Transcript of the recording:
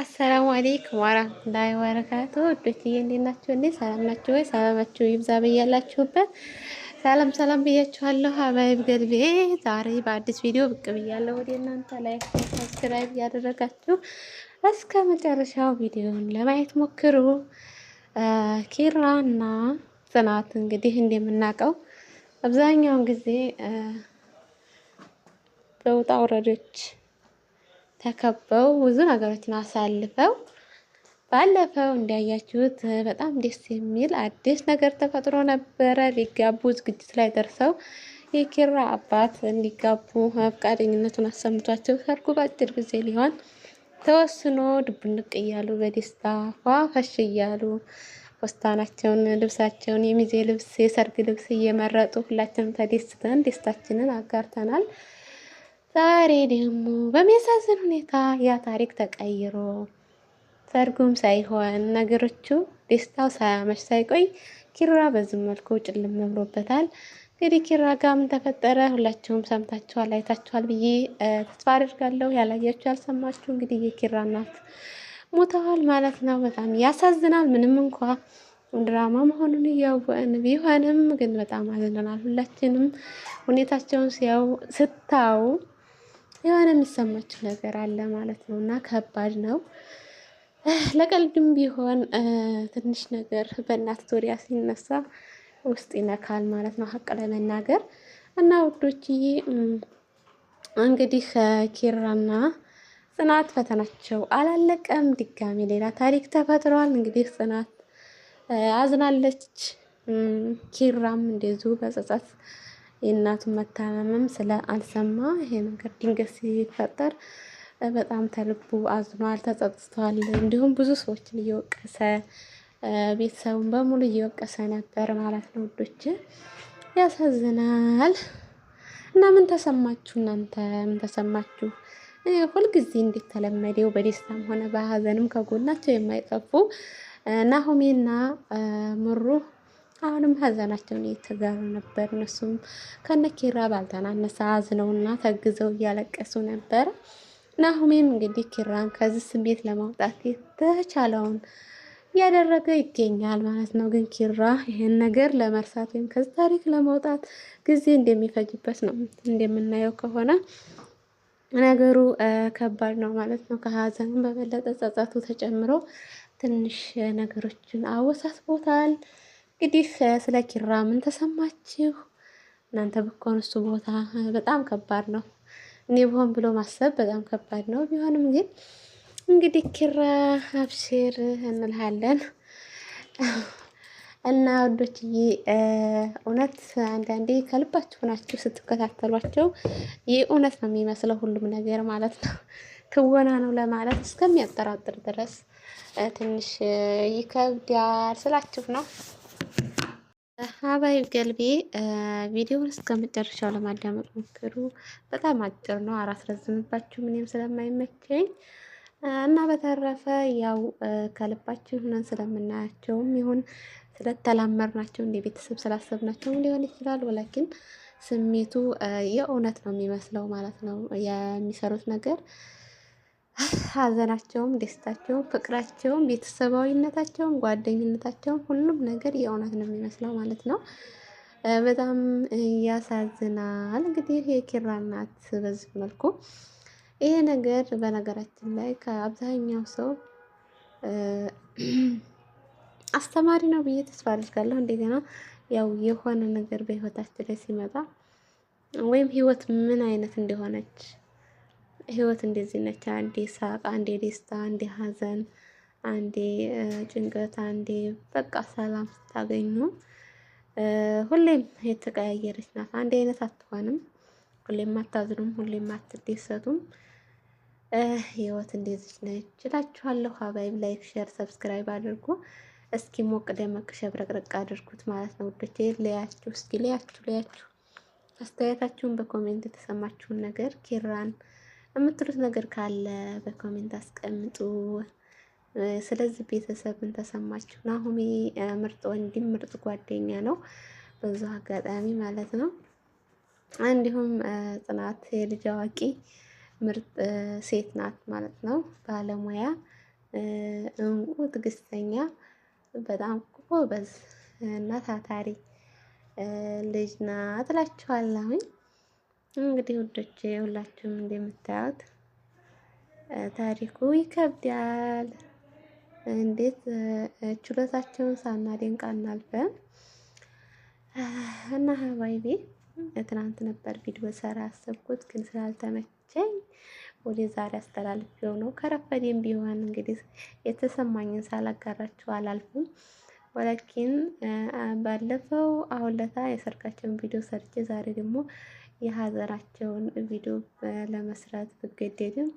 አሰላሙ አሌይኩም ወራህመቱላሂ ወበረካቱ። ወዶችዬ እንዴት ናችሁ? እንዴት ሰላም ናችሁ ወይ? ሰላማችሁ ይብዛ በያላችሁበት። ሰላም ሰላም ብያችኋለሁ። ሀባይብ ገልቤ ዛሬ በአዲስ ቪዲዮ ብቅ ብያለሁ ወደ እናንተ። ላይክ ሰብስክራይብ እያደረጋችሁ እስከ መጨረሻው ቪዲዮን ለማየት ሞክሩ። ኪራና ጽናት እንግዲህ እንደምናውቀው አብዛኛውን ጊዜ በውጣ ውረዶች ተከበው ብዙ ነገሮችን አሳልፈው ባለፈው እንዳያችሁት በጣም ደስ የሚል አዲስ ነገር ተፈጥሮ ነበረ። ሊጋቡ ዝግጅት ላይ ደርሰው የኪራ አባት እንዲጋቡ ፈቃደኝነቱን አሰምቷቸው ሰርጉ በአጭር ጊዜ ሊሆን ተወስኖ ድብንቅ እያሉ በደስታ ፏፈሽ እያሉ ፖስታናቸውን፣ ልብሳቸውን፣ የሚዜ ልብስ፣ የሰርግ ልብስ እየመረጡ ሁላችንም ተደስተን ደስታችንን አጋርተናል። ዛሬ ደግሞ በሚያሳዝን ሁኔታ ያ ታሪክ ተቀይሮ ሰርጉም ሳይሆን ነገሮቹ ደስታው ሳያመሽ ሳይቆይ ኪራ በዚህ መልኩ ጭልም ብሎበታል። እንግዲህ ኪራ ጋ ምን ተፈጠረ ሁላችሁም ሰምታችኋል፣ አይታችኋል ብዬ ተስፋ አድርጋለሁ። ያላያችሁ ያልሰማችሁ እንግዲህ የኪራ እናት ሞተዋል ማለት ነው። በጣም ያሳዝናል። ምንም እንኳ ድራማ መሆኑን እያወቅን ቢሆንም ግን በጣም አዝነናል። ሁላችንም ሁኔታቸውን ሲያው ስታው የሆነ የሚሰማችው ነገር አለ ማለት ነው እና ከባድ ነው። ለቀልድም ቢሆን ትንሽ ነገር በእናት ዙሪያ ሲነሳ ውስጥ ይነካል ማለት ነው ሀቅ ለመናገር እና ውዶችዬ እንግዲህ ኪራና ጽናት ፈተናቸው አላለቀም። ድጋሚ ሌላ ታሪክ ተፈጥሯል። እንግዲህ ጽናት አዝናለች፣ ኪራም እንደዚሁ በጸጸት የእናቱን መታመምም ስለ አልሰማ ይሄ ነገር ድንገት ሲፈጠር በጣም ተልቡ አዝኗል፣ ተጸጽቷል። እንዲሁም ብዙ ሰዎችን እየወቀሰ ቤተሰቡን በሙሉ እየወቀሰ ነበር ማለት ነው ውዶች። ያሳዝናል። እና ምን ተሰማችሁ እናንተ? ምን ተሰማችሁ? ሁልጊዜ እንዴት ተለመደው በደስታም ሆነ በሀዘንም ከጎናቸው የማይጠፉ ናሆሜና ምሩ አሁንም ሀዘናቸውን እየተጋሩ ነበር። እነሱም ከነኪራ ባልተናነሰ አዝነውና ተግዘው እያለቀሱ ነበር። ናሁሜም እንግዲህ ኪራን ከዚህ ስሜት ለማውጣት የተቻለውን እያደረገ ይገኛል ማለት ነው። ግን ኪራ ይህን ነገር ለመርሳት ወይም ከዚህ ታሪክ ለማውጣት ጊዜ እንደሚፈጅበት ነው እንደምናየው ከሆነ ነገሩ ከባድ ነው ማለት ነው። ከሀዘኑ በበለጠ ጸጸቱ ተጨምሮ ትንሽ ነገሮችን አወሳስቦታል። እንግዲህ ስለ ኪራ ምን ተሰማችሁ እናንተ? ብኮን እሱ ቦታ በጣም ከባድ ነው። እኔ ብሆን ብሎ ማሰብ በጣም ከባድ ነው። ቢሆንም ግን እንግዲህ ኪራ አብሽር እንልሃለን እና ወዶችዬ እውነት አንዳንዴ ከልባችሁ ናችሁ ስትከታተሏቸው ይህ እውነት ነው የሚመስለው ሁሉም ነገር ማለት ነው። ትወና ነው ለማለት እስከሚያጠራጥር ድረስ ትንሽ ይከብዳል ስላችሁ ነው። ሀባይብ ገልቤ ቪዲዮውን እስከ መጨረሻው ለማዳመጥ ሞክሩ። በጣም አጭር ነው፣ ረዝምባቸው ምንም ስለማይመቸኝ እና በተረፈ ያው ከልባችን ሁነን ስለምናያቸውም ይሁን ስለተላመርናቸው እንደ ቤተሰብ ስላሰብናቸውም ሊሆን ይችላል። ወላኪን ስሜቱ የእውነት ነው የሚመስለው ማለት ነው የሚሰሩት ነገር ሀዘናቸውም ደስታቸውም ፍቅራቸውም ቤተሰባዊነታቸውም ጓደኝነታቸውም ሁሉም ነገር የእውነት ነው የሚመስለው ማለት ነው። በጣም ያሳዝናል። እንግዲህ የኪራ እናት በዚህ መልኩ ይሄ ነገር በነገራችን ላይ ከአብዛኛው ሰው አስተማሪ ነው ብዬ ተስፋ አድርጋለሁ። እንደገና ያው የሆነ ነገር በህይወታችን ላይ ሲመጣ ወይም ህይወት ምን አይነት እንደሆነች ህይወት እንደዚህ ነች። አንዴ ሳቅ፣ አንዴ ደስታ፣ አንዴ ሀዘን አንዴ ጭንቀት፣ አንዴ በቃ ሰላም ስታገኙ ሁሌም የተቀያየረች ናት። አንድ አይነት አትሆንም። ሁሌም አታዝኑም፣ ሁሌም አትደሰቱም። ህይወት እንደዚህ ነች እላችኋለሁ። ሀባይብ ላይክ፣ ሼር፣ ሰብስክራይብ አድርጉ። እስኪ ሞቅ ደመቅ ሸብረቅረቅ አድርጉት ማለት ነው ውዶቼ። ለያችሁ እስኪ ለያችሁ ለያችሁ አስተያየታችሁን በኮሜንት የተሰማችሁን ነገር ኪራን የምትሉት ነገር ካለ በኮሜንት አስቀምጡ። ስለዚህ ምን ተሰማችሁ። ናሆሜ ምርጥ ወንድም ምርጥ ጓደኛ ነው፣ በዙ አጋጣሚ ማለት ነው። እንዲሁም ጽናት የልጅ አዋቂ ምርጥ ሴት ናት ማለት ነው። ባለሙያ፣ እንቁ፣ ትግስተኛ፣ በጣም ጎበዝ እና ታታሪ ልጅ ናት እላችኋለሁኝ። እንግዲህ ውዶች ሁላችሁም እንደምታዩት ታሪኩ ይከብዳል። እንዴት ችሎታቸውን ሳናደንቅ አናልፈም። እና ሀባይቢ ትናንት ነበር ቪዲዮ ሰራ ያሰብኩት ግን ስላልተመቸኝ ወደ ዛሬ አስተላልፌው ነው። ከረፈዴም ቢሆን እንግዲህ የተሰማኝን ሳላጋራችሁ አላልፉም ወላኪን ባለፈው አሁን ለታ የሰርጋቸውን ቪዲዮ ሰርቼ ዛሬ ደግሞ የሀገራቸውን ቪዲዮ ለመስራት ብገደድም